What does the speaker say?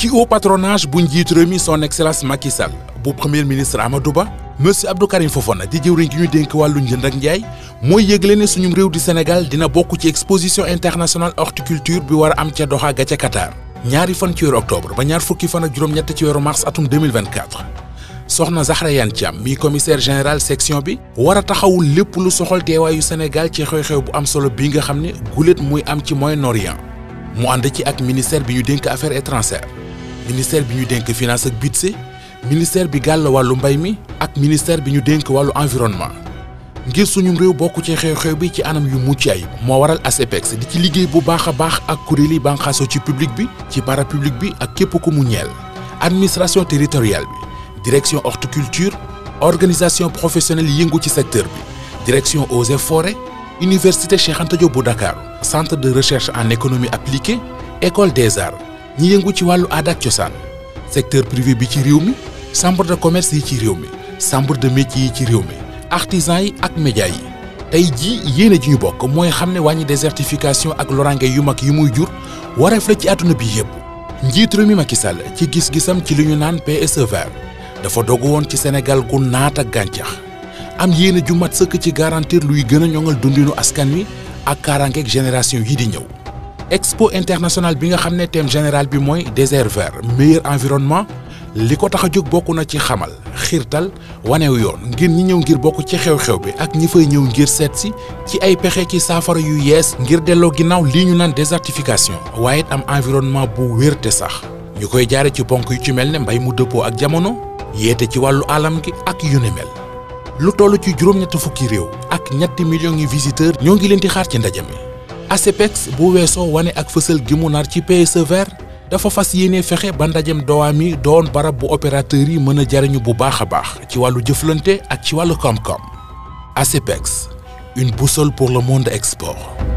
ci haut patronage bu njiit réew mi son excellence Macky Sall bu premier ministre Amadou Ba monsieur Abdou Karim di jëwriñ gi ñu dénk wàllu njënd ak njaay mooy yëgle ne suñu réew di Sénégal dina bokk ci exposition internationale horticulture bi war am ca Doha ga ca Qatar ñaari fan ci ba ñaar fukki fan ak juróom-ñett ci weeru mars atum 2024 soxna Zahra Iyane Thiam mi commissaire général section bi war a taxawul lépp lu soxal teewaayu Sénégal ci xew-xew bu am solo bii nga xam ne guléet muy am ci Moyen-Orient mu ànd ci ak ministère bi ñu dénk affaires étrangères ministère bi ñu dénk finance ak budget ministère bi gàll wàllu mbay mi ak ministère bi ñu dénk wàllu environnement ngir suñu réew bokk ci xew bi ci anam yu mucc ayib moo waral ASEPEX di ci liggéey bu baax a baax ak kuréeli banqaaso ci public bi ci parapublic bi ak képp ku mu ñeel administration territoriale bi direction horticulture organisation professionnelle yëngu ci secteur bi direction eaux et forêts université Cheikh Anta bu Dakar centre de recherche en économie appliquée école des arts ñi yëngu ci wàllu aada cosaan secteur privé bi ci réew mi chambre de commerce yi ci réew mi chambre de métier yi ci réew mi artisan yi ak média yi tey jii yéene ji ñu bokk mooy xam ne wàññi désertification ak lorange yu mag yi muy jur wareef la ci àdduna bi yépp njiit réew mi Macky Sall ci gis-gisam ci li ñu naan PSE vert dafa dogu woon ci Sénégal gu naat ak gàncax am yéene ju mat sëkk ci garantir luy gën a ñoŋal dundinu askan wi ak kaaraangeeg génération yi di ñëw expo internationale bi nga xam ne thème général bi mooy désert vert environnement li ko tax a jóg bokk na ci xamal xiirtal wane yoon ngir ñi ñëw ngir bokk ci xew-xew bi ak ñi fay ñëw ngir seet si ci ay pexe ci saafara yu yees ngir delloo ginnaaw lii ñu naan désertification waaye it am environnement bu wér sax ñu koy jaare ci bonk yu ci mel ne mbay mu dëppoo ak jamono yeete ci wàllu alam gi ak yu ne mel lu toll ci juróom-ñett fukki réew ak ñetti millions yi visiteurs ñoo ngi leen di xaar ci ndaje ASEPEX bu weesoo wane ak fësal gi mu nar ci PSE dafa fas yéene fexe ba ndajem dowaam yi doon barab bu opérateur yi mën a jariñu bu baax a baax ci wàllu jëflante ak ci wàllu koom-koom ASEPEX une boussole pour le monde export